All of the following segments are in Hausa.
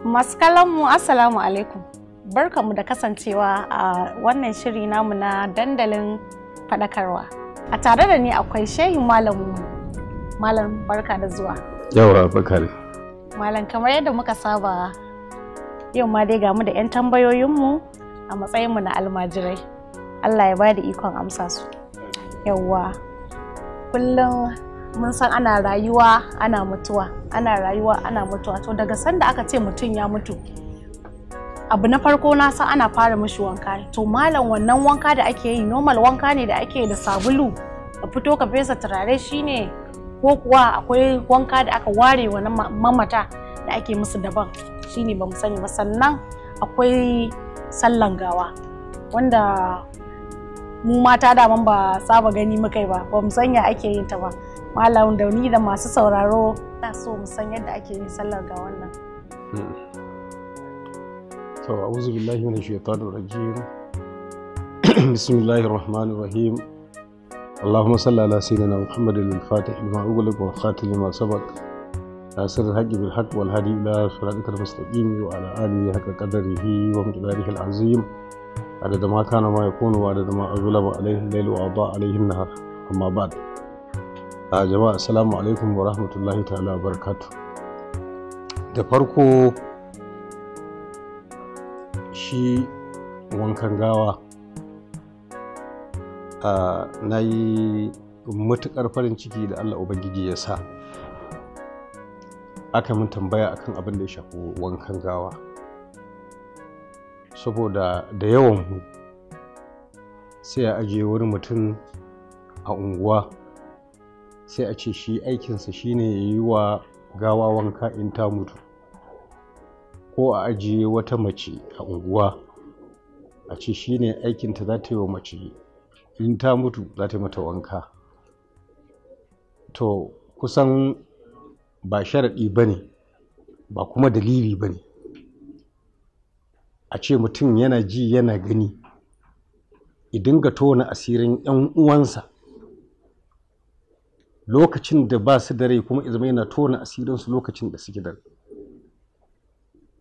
mu assalamu alaikum mu da kasancewa a wannan shiri namu na dandalin faɗakarwa a tare da ni akwai shehin malamu malam barka da zuwa yawa bakari malam kamar yadda muka saba yau ma dai gamu da 'yan tambayoyinmu a matsayinmu na almajirai allah ya bada ikon amsa su Yawwa, kullum mun san ana rayuwa ana mutuwa ana rayuwa ana mutuwa to daga sanda aka ce mutum ya mutu abu na farko na san ana fara mishi wanka to malam wannan wanka da ake yi normal wanka ne da ake da sabulu a fito ka fesa turare shine ko kuwa akwai wanka da aka ware wa mamata da ake musu daban shine ba mu sani ba sannan akwai sallan gawa wanda mu mata daman ba saba gani mukai ba ba mu sanya ake yin ta ba malam da ni da masu sauraro na so mu san yadda ake yin sallar ga wannan to a'udhu billahi minash shaitanir rajim bismillahir rahmanir rahim اللهم صل على سيدنا محمد الفاتح لما أغلق والخاتم لما سبق ناصر الحق بالحق والهادي إلى صراطك المستقيم وعلى آله حق قدره ومقداره العظيم عدد ما كان ما يكون وعدد ما أظلم عليه الليل وأضاء عليه النهار أما بعد a jama'a assalamu alaikum wa rahmatullahi ta'ala barkatu. da farko shi wankan gawa na yi matuƙar farin ciki da allah ubangiji ya sa aka min tambaya akan abin da ya shafi wankan gawa saboda da yawan sai a ajiye wani mutum a unguwa sai a ce shi aikinsa shine ya yi wa gawa wanka in ta mutu ko a ajiye wata mace a unguwa a ce shi ne aikinta za ta yi wa mace in ta mutu za ta yi mata wanka to kusan ba sharaɗi ba ne ba kuma dalili ba ne a ce mutum yana ji yana gani idin ga tona asirin 'yan uwansa lokacin da ba su da rai kuma izma yana tona asirinsu lokacin da suke da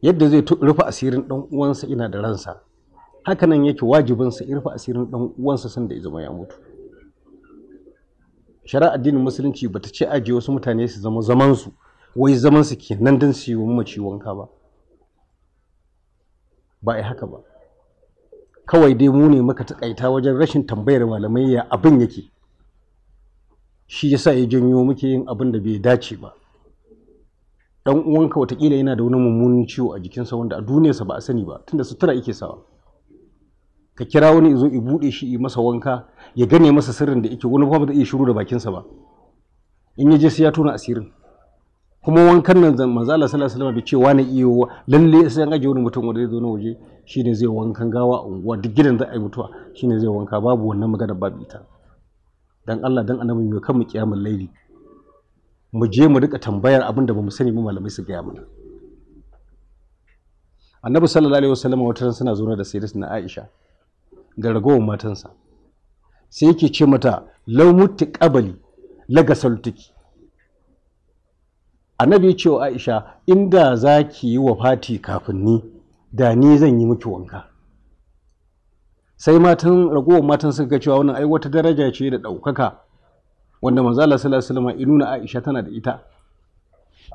yadda zai rufe asirin ɗan uwansa ina da ransa hakanan yake wajibinsa sa rufe asirin ɗan uwansa sanda izma ya mutu shari'a addinin musulunci bata ce ajiye wasu mutane su zama zaman su wai zamansu kenan dan su yi mace wanka ba ba ai haka ba kawai dai mu ne muka taƙaita wajen rashin tambayar malamai ya abin yake shi ya sa ya janyo muke yin abin da bai dace ba dan uwanka watakila yana da wani mummunin ciwo a jikinsa wanda a duniyarsa ba a sani ba tunda sutura yake sawa ka kira wani izo i bude shi i masa wanka ya gane masa sirrin da yake wani ba zai iya shiru da bakinsa ba in ya je sai ya tona asirin kuma wankan nan manzo Allah sallallahu alaihi wasallam ce wani iyo lalle sai an aje wani mutum wanda zai zo na waje shine zai wankan gawa a unguwa duk gidan da ai yi mutuwa shine zai wanka babu wannan magana babu ita dan Allah dan annabi mu kan mu kiyamul laili mu je mu rika tambayar abin da bamu sani mu malamai su gaya mana annabi sallallahu alaihi wasallam wata ran suna zuwa da na Aisha ga ragowar matansa sai yake ce mata law mutti qabali laga saltuki annabi ya ce wa Aisha inda zaki yi wa Fati kafin ni da ni zan yi miki wanka sai matan ragowar matan suka ga cewa wannan ai wata daraja ce da ɗaukaka wanda manzo Allah sallallahu alaihi wasallam inuna Aisha tana da ita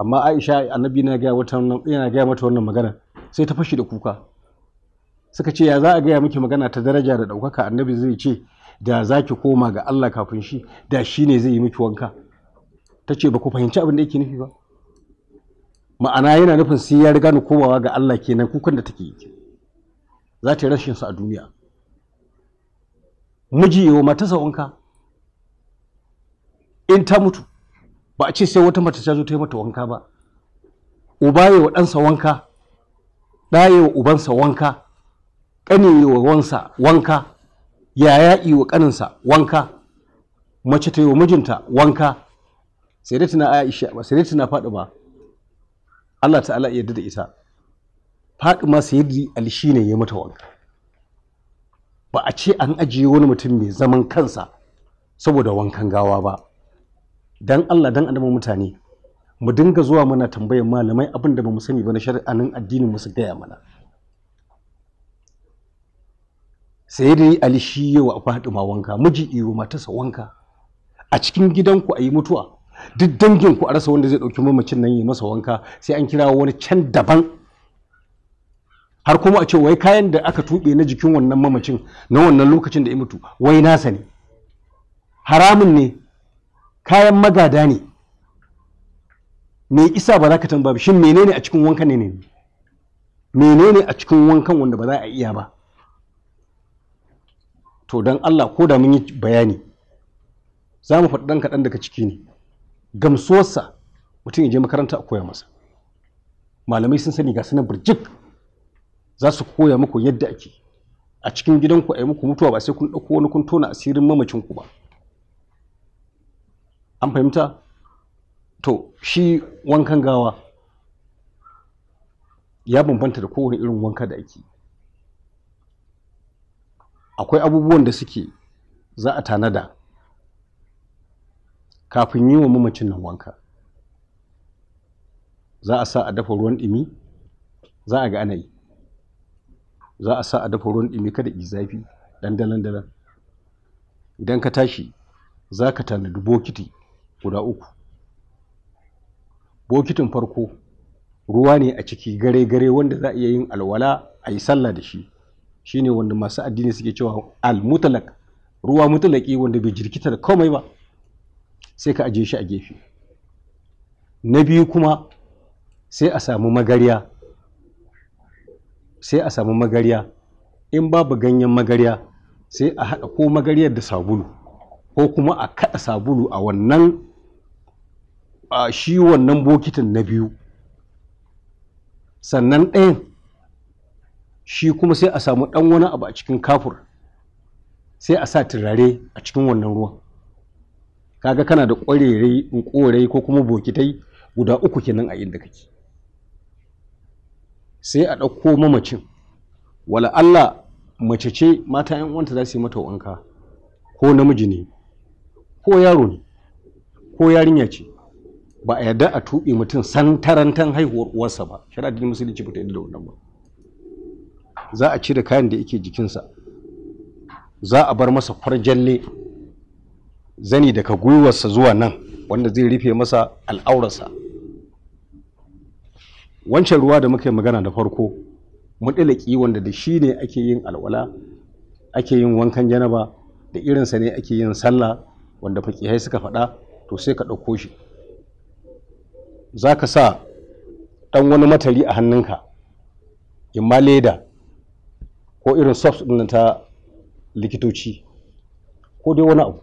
amma Aisha annabi na ga wata yana ga mata wannan magana sai ta fashi da kuka suka ce ya za a gaya miki magana ta daraja da ɗaukaka annabi zai ce da za ki koma ga Allah kafin shi da shi ne zai yi miki wanka ta ce ba ku fahimci abin da yake nufi ba ma'ana yana nufin sai ya riga ni komawa ga Allah kenan kukan da take yi za ta yi rashin sa a duniya miji wa matasa wanka in ta mutu ba a ce sai wata matasa ta zo ta yi mata wanka ba uba ya wa ɗansa wanka ɗa ya wa ubansa wanka ƙani ya wa wansa wanka yaya yi wa ƙaninsa wanka mace ta yi wa mijinta wanka sai dai tana aisha ba sai dai tana faɗi ba Allah ta'ala ya yarda da ita faɗi ma sayyidi ali ne ya mata wanka ba a ce an ajiye wani mutum mai zaman kansa saboda wankan gawa ba dan Allah dan adama mutane mu dinga zuwa mana tambayar malamai abin da ba mu sani ba na shari'anin addinin mu su gaya mana sai dai ali shi yawa ma wanka miji iyo matarsa wanka a cikin gidanku a yi mutuwa duk danginku a rasa wanda zai ɗauki mamacin nan yi masa wanka sai an kira wani can daban har kuma a ce wai kayan da aka tuɓe na jikin wannan mamacin na wannan lokacin da ya mutu wai nasa ne haramun ne kayan magada ne me isa ba za ka tambaya shin menene a cikin wankan ne ne menene a cikin wankan wanda ba za a iya ba to don Allah ko da mun yi bayani za mu faɗi ɗan kaɗan daga ciki ne gamsuwarsa mutum ya je makaranta a koya masa malamai sun sani ga sunan birjik za su koya muku yadda ake a cikin gidanku a yi muku mutuwa ba sai kun ɗauko wani kun tona asirin mamacinku ba an fahimta to shi wankan gawa ya bambanta da kowane irin wanka da ake akwai abubuwan da suke za a tanada kafin yi wa mamacin nan wanka za a sa a dafa ruwan ɗumi za a ga ana za a sa a dafa ruwan ɗumi kada yi zafi ɗan dalan dalan idan ka tashi za ka tanadi bokiti guda uku bokitin farko ruwa ne a ciki gare gare wanda za a iya yin alwala a yi sallah da shi shine wanda masu addini suke cewa al mutalak ruwa mutalaki wanda bai jirkita da komai ba sai ka ajiye shi a gefe na biyu kuma sai a samu magarya. sai a samu magarya in babu ganyen magarya sai a haɗa ko magaryar da sabulu ko kuma a kaɗa sabulu a wannan a shi wannan bokitin na biyu sannan ɗayan shi kuma sai a samu ɗan wani abu a cikin kafur sai a sa turare a cikin wannan ruwan kaga kana da ƙwarere ko kuma bokitai guda uku kenan a inda kake sai a ɗauko mamacin wala Allah mace ce mata yan uwanta za su yi mata wanka ko namiji ne ko yaro ne ko yarinya ce ba a yarda a tuɓe mutum san tarantan haihuwar uwarsa ba shari'ar musulunci ba ta yadda da wannan ba za a cire kayan da yake jikinsa za a bar masa kwarjalle zani daga gwiwarsa zuwa nan wanda zai rufe masa al'aurarsa wancan ruwa da muka yi magana da farko mudilaki wanda da shi ne ake yin alwala ake yin wankan janaba da irinsa ne ake yin sallah wanda fakihai suka faɗa to sai ka ɗauko shi za ka sa ɗan wani matari a hannunka in ma leda ko irin soft ɗin ta likitoci ko dai wani abu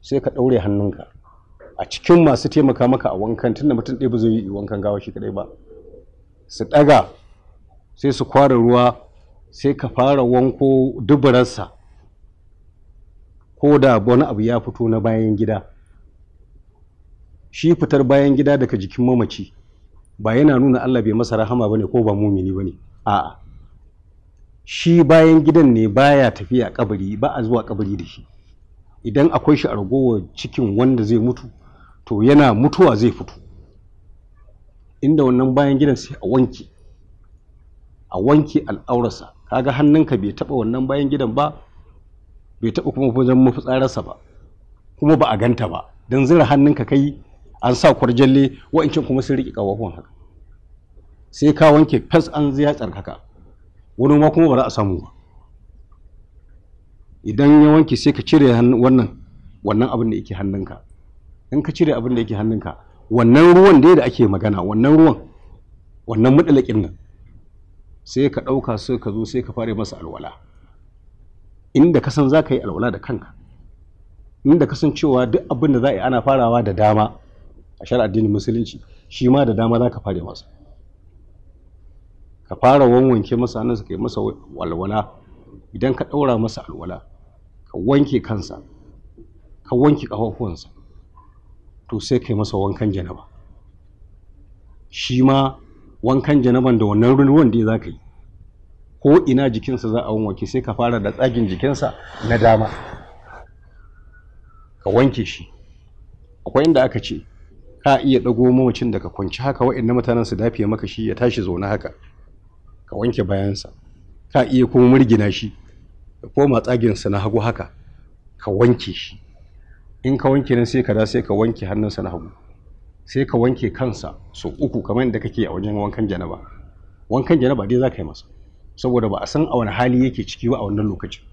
sai ka ɗaure hannunka a cikin masu taimaka maka a wankan da mutum ɗaya ba zai yi wankan gawa shi kaɗai ba su ɗaga sai su kwara ruwa sai ka fara wanko duburarsa ko da wani abu ya fito na bayan gida shi fitar bayan gida daga jikin mamaci ba yana nuna Allah bai masa rahama ne ko ba mumini ne? a'a shi bayan gidan ne baya tafiya kabari ba a zuwa kabari da shi idan akwai shi a ragowar cikin wanda zai mutu to yana mutuwa zai fito inda wannan bayan gidan sai a wanke a wanke al'aurarsa kaga hannunka bai taba wannan bayan gidan ba bai taba kuma wajen mafitsararsa ba kuma ba a ganta ba don zira hannunka kai an sa kwarjalle wa'ancan kuma sun riƙe ƙawafon haka sai ka wanke fes an ziya tsarkaka wani ma kuma ba za a samu ba idan ya wanke sai ka cire wannan wannan abin da yake hannunka in ka cire abin da yake hannunka wannan ruwan dai da ake magana wannan ruwan wannan mudalakin nan sai ka ɗauka sai ka zo sai ka fara masa alwala inda ka san za ka yi alwala da kanka inda ka san cewa duk abin da za a yi ana farawa da dama a shar addinin musulunci shi ma da dama za ka fara masa ka fara wanwanke masa hannunsa ka yi masa walwala idan ka ɗaura masa alwala ka wanke kansa ka wanke ƙafafuwansa to sai kai masa wankan janaba shi ma wankan janaban da wannan ruwan da za ka yi ko ina jikinsa za a wanke sai ka fara da tsagin jikinsa na dama ka wanke shi akwai inda aka ce ka iya ɗago mamacin da ka kwanci haka wa'in mutanen su dafiye maka shi ya tashi zaune haka ka wanke bayansa ka iya kuma murgina shi da koma tsaginsa na hagu haka ka wanke shi in ka wanke nan sai ka da sai ka wanke hannunsa na hagu sai ka wanke kansa so uku kamar yadda kake a wajen wankan janaba wankan janaba dai za ka yi masa saboda ba a san a wani hali yake ciki ba a wannan lokacin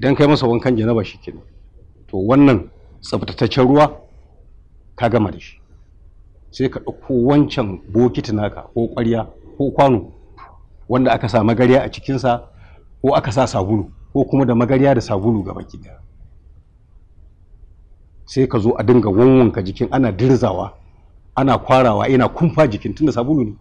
idan ka yi masa wankan janaba shi kenan to wannan tsabtataccen ruwa ka gama da shi sai ka ɗauko wancan bokiti naka ko ƙwarya ko kwano wanda aka sa magarya a cikinsa ko aka sa sabulu ko kuma da magarya da sabulu ga baki. daya sai ka zo a dinga wanwanka jikin ana dirzawa ana kwarawa yana kumfa jikin tunda sabulu ne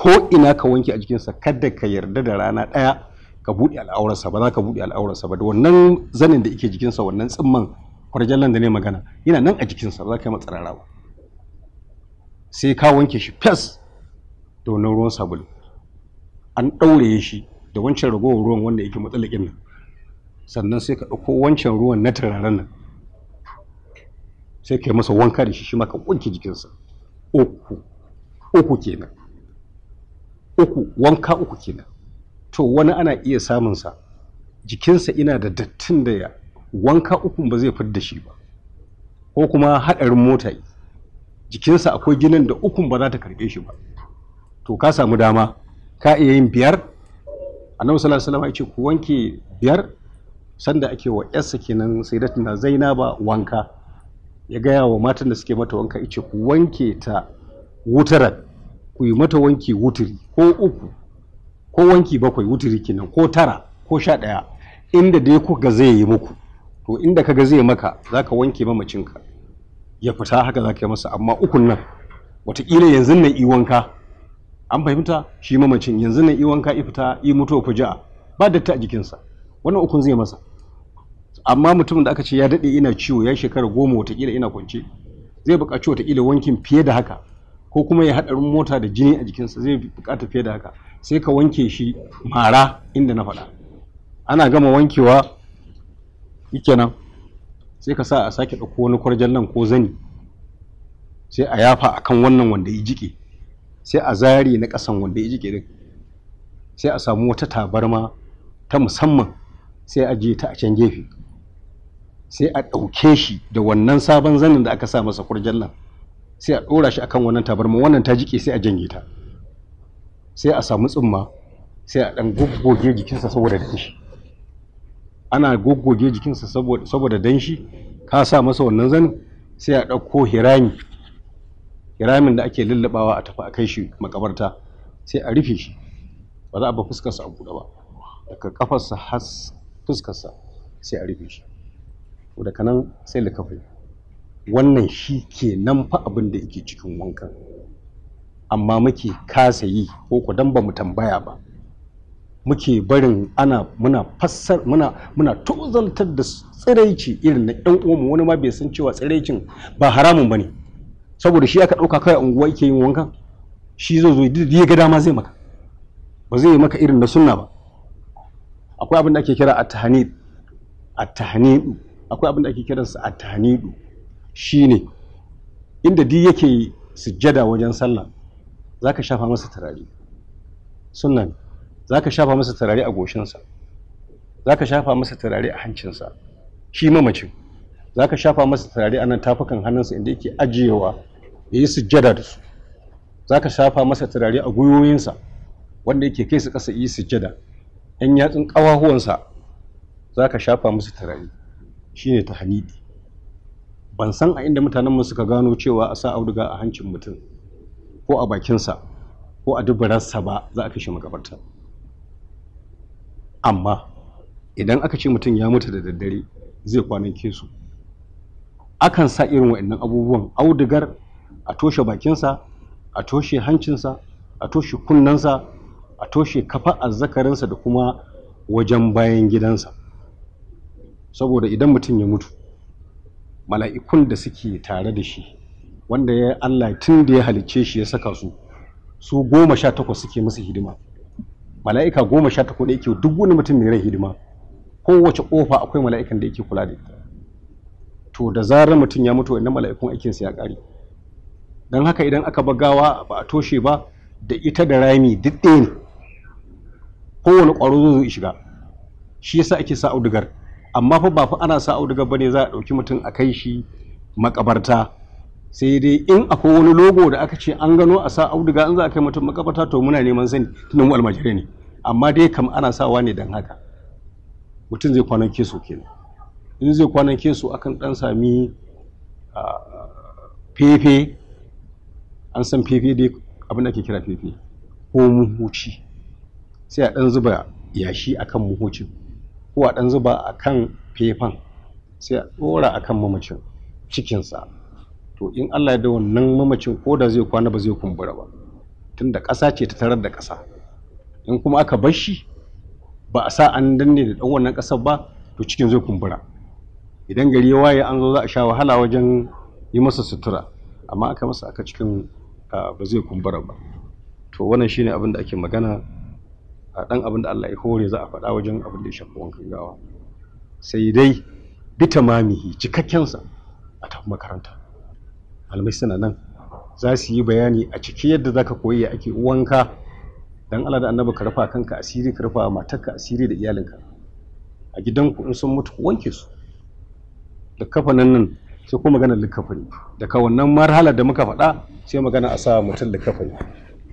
ko ina ka wanke a jikinsa kada ka yarda da rana ɗaya ka buɗe al'aurarsa ba za ka buɗe al'aurarsa ba da wannan zanin da yake jikinsa wannan tsimman kwarjallan da ne magana yana nan a jikinsa ba za ka yi matsarara ba sai ka wanke shi fes da wannan ruwan sabulu an ɗaure shi da wancan ragowar ruwan wanda yake matsalakin nan sannan sai ka ɗauko wancan ruwan na turaren nan sai kai masa wanka da shi shi maka kunce jikinsa uku uku kenan uku wanka uku kenan to wani ana iya samunsa jikinsa ina da dattin da ya wanka uku ba zai fidda shi ba ko kuma haɗarin mota jikinsa akwai ginin da uku ba za ta karɓe shi ba to ka samu dama ka iya yin biyar annabi sallallahu alaihi wasallam ya ce ku wanke biyar sanda ake wa yarsa kenan sayyidatuna zainaba wanka ya gaya wa matan da suke mata wanka ice ku wanke ta wutaran ku yi mata wanki wuturi ko uku ko wanki bakwai wuturi kenan ko tara ko sha ɗaya inda dai kuka zai yi muku to inda kaga zai maka zaka wanke mamacinka ya fita haka zaka yi masa amma ukun nan watakila yanzu nan i wanka an fahimta shi mamacin yanzu nan i wanka i fita i mutuwa fuja ba datta a jikinsa wannan ukun zai masa amma mutumin da aka ce ya daɗe ina ciwo ya shekara goma watakila ina kwance zai buƙaci watakila wankin fiye da haka ko kuma ya haɗarin mota da jini a jikinsa zai buƙata fiye da haka sai ka wanke shi mara inda na faɗa ana gama wankewa kenan sai ka sa a sake ɗauko wani kwarjan nan ko zani sai a yafa a kan wannan wanda ya jike sai a zare na ƙasan wanda ya jike din sai a samu wata tabarma ta musamman sai a je ta a can gefe sai a ɗauke shi da wannan sabon zanin da aka sa masa kurjan nan sai a ɗora shi akan wannan tabarma wannan ta jike sai a janye ta sai a samu tsumma sai a ɗan goggoge jikinsa saboda danshi ana goggoge jikinsa saboda danshi ka sa masa wannan zanin sai a ɗauko hirami hiramin da ake lullubawa a tafi a kai shi makabarta sai a rufe shi ba za a ba fuskarsa a buɗe ba daga kafarsa har fuskarsa sai a rufe shi daga nan sai likafai wannan shi ke nan fa abin da yake cikin wanka. amma muke kasa yi ko ku dan ba mu tambaya ba muke barin ana muna fassar muna muna tozaltar da tsiraici irin na ɗan uwanmu wani ma bai san cewa tsiraicin ba haramun bane saboda shi aka ɗauka kai unguwa yake yin wankan shi zai zo ya ga dama zai maka ba zai yi maka irin na sunna ba akwai abin da ake kira at-tahnid at-tahnid akwai abin da ake kiransa a tanidu shi ne. inda di yake sujjada wajen sallah za ka shafa masa turare sunan za ka shafa masa turare a goshinsa za ka shafa masa turare a hancinsa shi mamacin za ka shafa masa turare a nan tafukan hannunsa inda yake ajiyewa ya yi sujjada da su za ka shafa masa turare a gwiwoyinsa wanda yake kai su ƙasa yi sujjada 'yan yatsun ƙawahuwansa za ka shafa masa turare Shi shine tahanidi ban san a inda mutanen mu suka gano cewa a sa auduga a hancin mutum ko a bakinsa ko a dubararsa ba za a kashe makabarta amma idan aka ce mutum ya mutu da daddare zai kwanan kesu akan sa irin wa'annan abubuwan audugar a toshe bakinsa a toshe hancinsa a toshe sa, a toshe kafa azzakarinsa da kuma wajen bayan gidansa saboda idan mutum ya mutu mala'ikun da suke tare da shi wanda ya Allah tun da ya halicce shi ya saka su su goma sha takwas suke masa hidima mala'ika goma sha takwas da yake duk wani mutum mai rai hidima kowace kofa akwai mala'ikan da yake kula da ita to da zarar mutum ya mutu wannan mala'ikun aikinsa ya kare, don haka idan aka ba gawa ba a toshe ba da ita da rami duk ɗaya ne kowane ƙwaro zo shiga shi yasa ake sa audugar amma fa ba fa ana sa auduga bane za a ɗauki mutum a kai shi makabarta sai dai in akwai wani logo da aka ce an gano a sa auduga in za a kai mutum makabarta to muna neman sani tunan mu almajirai ne amma dai kam ana sawa ne don haka mutum zai kwanan keso kenan in zai kwanan keso akan dan sami fefe an san fefe dai abin da ake kira fefe ko muhuci sai a dan zuba yashi akan muhucin ko ɗan zuba a kan fefan sai a ɗora a kan mamacin cikinsa to in allah da wannan mamacin ko da zai kwana ba zai kumbura ba tunda ƙasa ce ta tarar da ƙasa in kuma aka bar shi ba a sa an danne da ɗan wannan ƙasar ba to cikin zai kumbura idan gari ya waye an zo za a sha wahala wajen yi masa sutura amma aka masa aka cikin ah, ba zai kumbura ba to wannan shine abin da ake magana a ɗan abin da Allah ya hore za a faɗa wajen abin da ya shafi wankan gawa sai dai bita mamihi cikakkensa a tafi makaranta almai suna nan za su yi bayani a ciki yadda zaka koyi ya ake wanka dan Allah da annabi ka rufa kanka asiri ka rufa matarka asiri da iyalinka a gidanku in sun mutu wanke su da kafanan nan sai kuma magana Da ka wannan marhala da muka faɗa sai magana a sa mutum likafani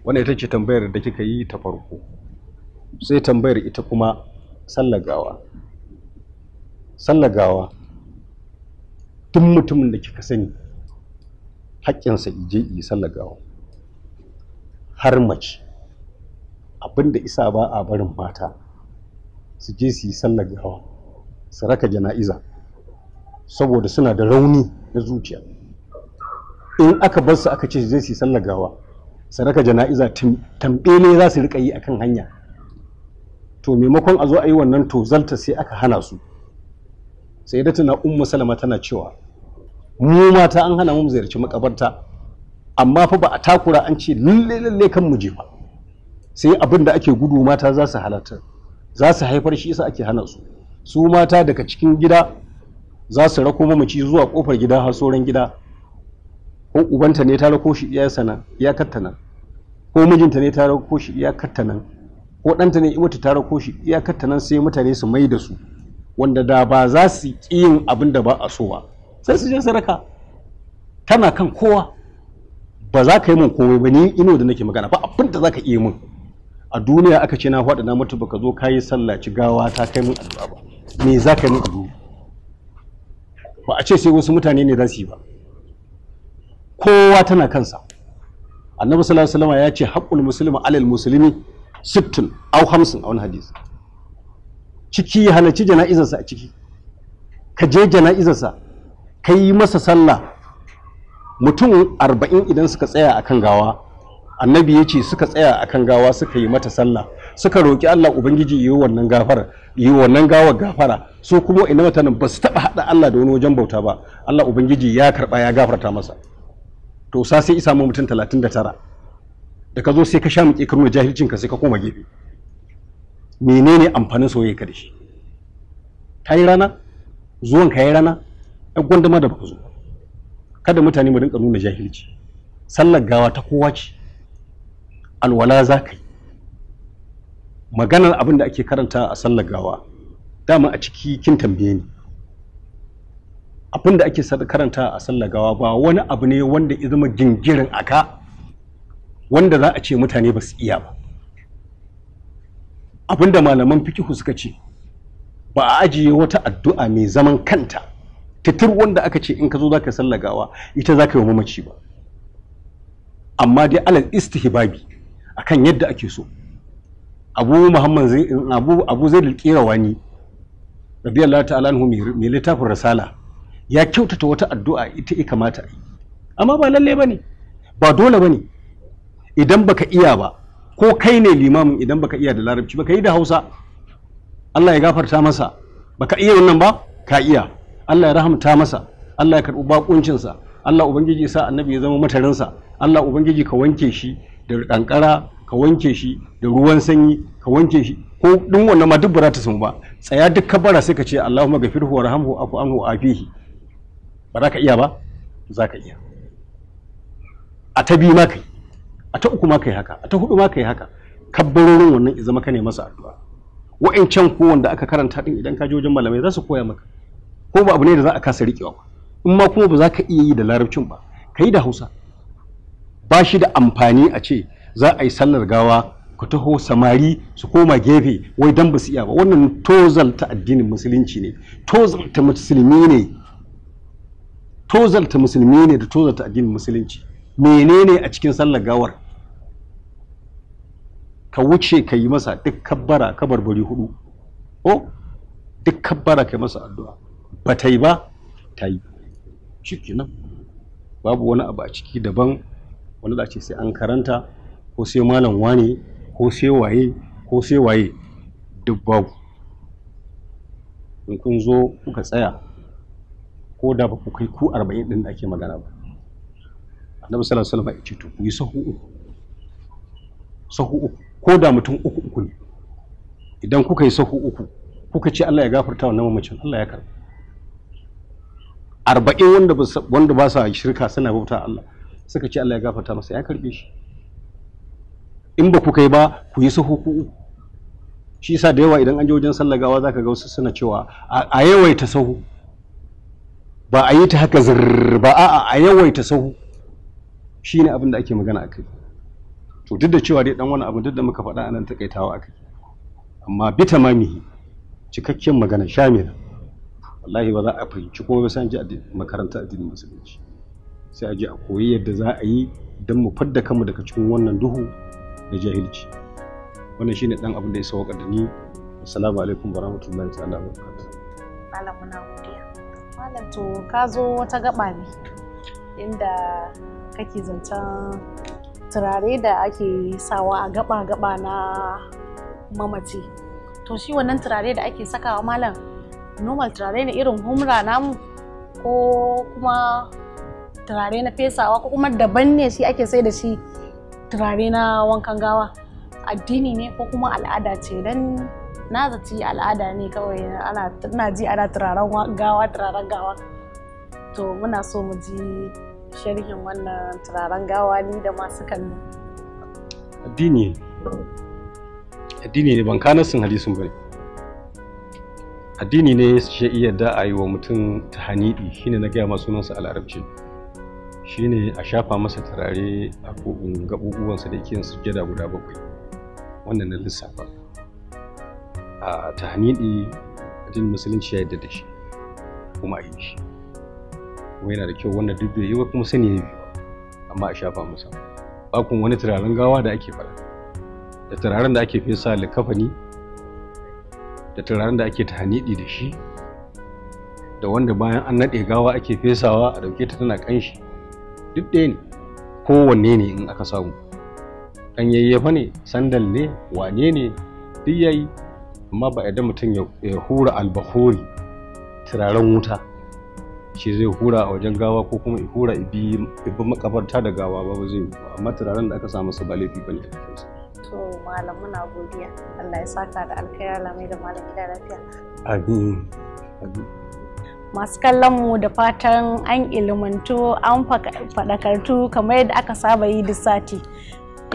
wannan ita ce tambayar da kika yi ta farko sai tambayar ita kuma sallagawa sallagawa duk mutumin da kika sani haƙƙinsa ije yi sallagawa har mace abinda isa ba a barin mata su je su yi sallagawa su raka jana'iza saboda suna da rauni na zuciya in aka bar su aka ce zai su yi sallagawa su raka jana'iza ne za su rika yi akan hanya to maimakon a zo a yi wannan to zalta sai aka hana su sai da tana ummu salama tana cewa mu mata an hana mu ziyarci makabarta amma fa ba a takura an ce lalle lalle kan mu je ba sai abin da ake gudu mata za su halatta za su haifar shi isa ake hana su su mata daga cikin gida za su rako mamaci zuwa kofar gida har sauran gida ko ubanta ne ta rako shi iyakarta nan ko mijinta ne ta rako shi iyakarta nan ko ɗanta ne imata ta koshi shi iyakar ta nan sai mutane su mai da su wanda da ba za su ƙi yin abin da ba a so ba sai su je sadaka tana kan kowa ba za ka yi min komai ba ni ino da nake magana ba abin da za ka iya min a duniya aka ce na faɗa na mutu baka zo kayi sallaci gawa ta kai min addu'a ba me za ka yi min addu'a ba a ce sai wasu mutane ne za su yi ba kowa tana kansa annabi sallallahu alaihi wasallam ya ce haqqul muslimi alal muslimi sittun au hamsin a wani hadisi ciki ya halarci jana'izarsa a ciki ka je jana'izarsa ka yi masa sallah mutum arba'in idan suka tsaya a kan gawa annabi ya ce suka tsaya a kan gawa suka yi mata sallah suka roƙi allah ubangiji yi wannan gafara yi wannan gawar gafara so kuma ina mutanen ba su taɓa haɗa allah da wani wajen bauta ba allah ubangiji ya karɓa ya gafarta masa to sa sai isa mutum talatin da tara da ka zo sai ka sha muke ka nuna jahilcin ka sai ka koma gefe menene amfanin soyayya ka da shi ta yi rana zuwan ka yi rana ɗan gwandama da baka zo kada mutane mu rinka nuna jahilci sallar gawa ta kowa ce alwala za ka yi maganar abin da ake karanta a sallar gawa dama a ciki kin tambaye ni abin da ake karanta a sallar gawa ba wani abu ne wanda ya zama gingirin aka wanda za a ce mutane ba su iya ba abinda malaman fikihu suka ce ba a ajiye wata addu'a mai zaman kanta titir wanda aka ce in ka zo za ka sallagawa ita za ka yi mamaci ba amma dai alal istihbabi akan yadda ake so abu muhammad zai abu abu zai qirawani radiyallahu ta'ala anhu mai littafin risala ya kyautata wata addu'a ita ya kamata amma ba lalle bane ba dole bane idan baka iya ba ko kai ne limamin idan baka iya da larabci baka yi da hausa Allah ya gafarta masa baka iya wannan ba ka iya Allah ya rahamta masa Allah ya karɓi bakuncinsa Allah ubangiji sa annabi ya zama matarinsa Allah ubangiji ka wanke shi da kankara ka wanke shi da ruwan sanyi ka wanke shi ko dun wannan ma duk ba ta samu ba tsaya duk ka bara sai ka ce Allahumma ghafirhu warhamhu afu anhu afihi ba za ka iya ba za ka iya a ta bi ma kai a ta uku ma kai haka a ta hudu ma kai haka kabbarorin wannan ya zama ka masa addu'a wa'ancan ko wanda aka karanta din idan ka je wajen malamai za su koya maka ko ba abu ne da za a kasa riƙewa ba in ma kuma ba za ka iya yi da larabcin ba ka yi da hausa ba shi da amfani a ce za a yi sallar gawa ku taho samari su koma gefe wai dan ba su iya ba wannan tozalta addinin musulunci ne tozalta musulmi ne tozalta musulmi ne da tozalta addinin musulunci menene a cikin sallar gawar ka wuce ka yi masa duk kabbara ka barbari hudu ko oh, duk kabbara ka yi masa addu'a ba ta yi ba ta yi nan babu wani abu a ciki daban wani da ce sai an karanta ko sai malam wani ko sai waye ko sai waye duk babu in kun zo kuka tsaya ko da ba ku kai ku arba'in ɗin da ake magana ba annabi sallallahu alaihi wasallam ya ce to ku yi sahu uku sahu uku ko da mutum uku uku ne idan kuka yi sahu uku kuka ce Allah ya gafarta wannan mamacin Allah ya karɓa arba'in wanda wanda ba sa shirka suna bauta Allah suka ce Allah ya gafarta masa ya karɓe shi in ba ku kai ba ku yi sahu uku shi yasa da yawa idan an je wajen sallagawa zaka ga wasu suna cewa a yawaita sahu ba a yi ta haka zirr ba a a yawaita sahu shi ne abin da ake magana a kai to duk da cewa dai dan wani abu duk da muka faɗa anan takaitawa a kai amma bi tamamihi cikakken magana shamila wallahi ba za a fahimci kuma ba san ji makaranta addini musulunci sai a je a koyi yadda za a yi don mu fadda kanmu daga cikin wannan duhu da jahilci wannan shine dan abin da ya sauka da ni assalamu alaikum warahmatullahi ta'ala wa barakatuh godiya malam to ka zo wata gaba ne inda kake zancen turare da ake sawa a gaba-gaba na mamaci to shi wannan turare da ake sakawa malam normal turare na irin humra namu ko kuma turare na fesawa ko kuma daban ne shi ake sai da shi turare na wankan gawa addini ne ko kuma al'ada ce don na zaci al'ada ne kawai ana ji ana turaren gawa turaren gawa to muna so mu ji sharhin wannan turaren gawa ni da masu kallo addini addini ne ban kana sun hadisin bane addini ne shi iya da a yi wa mutum ta hanidi shine na gaya ma sunansa a larabci shine a shafa masa turare a kogin gabubuwansa da ikiyan jada guda bakwai wannan na lissafa a ta hanidi addinin musulunci ya yarda da shi kuma a yi shi kuma yana da kyau wanda duk bai yi ba kuma sani ya biyu amma a shafa masa bakun wani turaren gawa da ake fara da turaren da ake fesa likafani da turaren da ake tahanidi da shi da wanda bayan an naɗe gawa ake fesawa a ɗauke ta tana ƙanshi duk ɗaya ne kowanne ne in aka samu ɗan yayyafa ne sandal ne wane ne duk yayi amma ba yadda mutum ya hura albahori turaren wuta shi zai hura a wajen gawa ko kuma hura ibi makabarta da gawa ba zai yi amma turaren da aka samu su ba laifi ne a su. to malam muna godiya Allah ya saka da alkhairi alamai da malam gida lafiya amin masu kallon mu da fatan an ilimantu an faɗakartu kamar yadda aka saba yi duk sati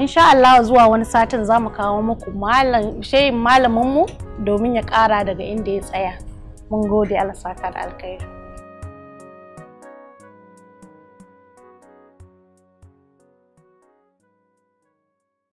insha Allah zuwa wani satin za mu kawo muku malamin mu domin ya ƙara daga inda ya tsaya mun gode Allah saka da alkhairi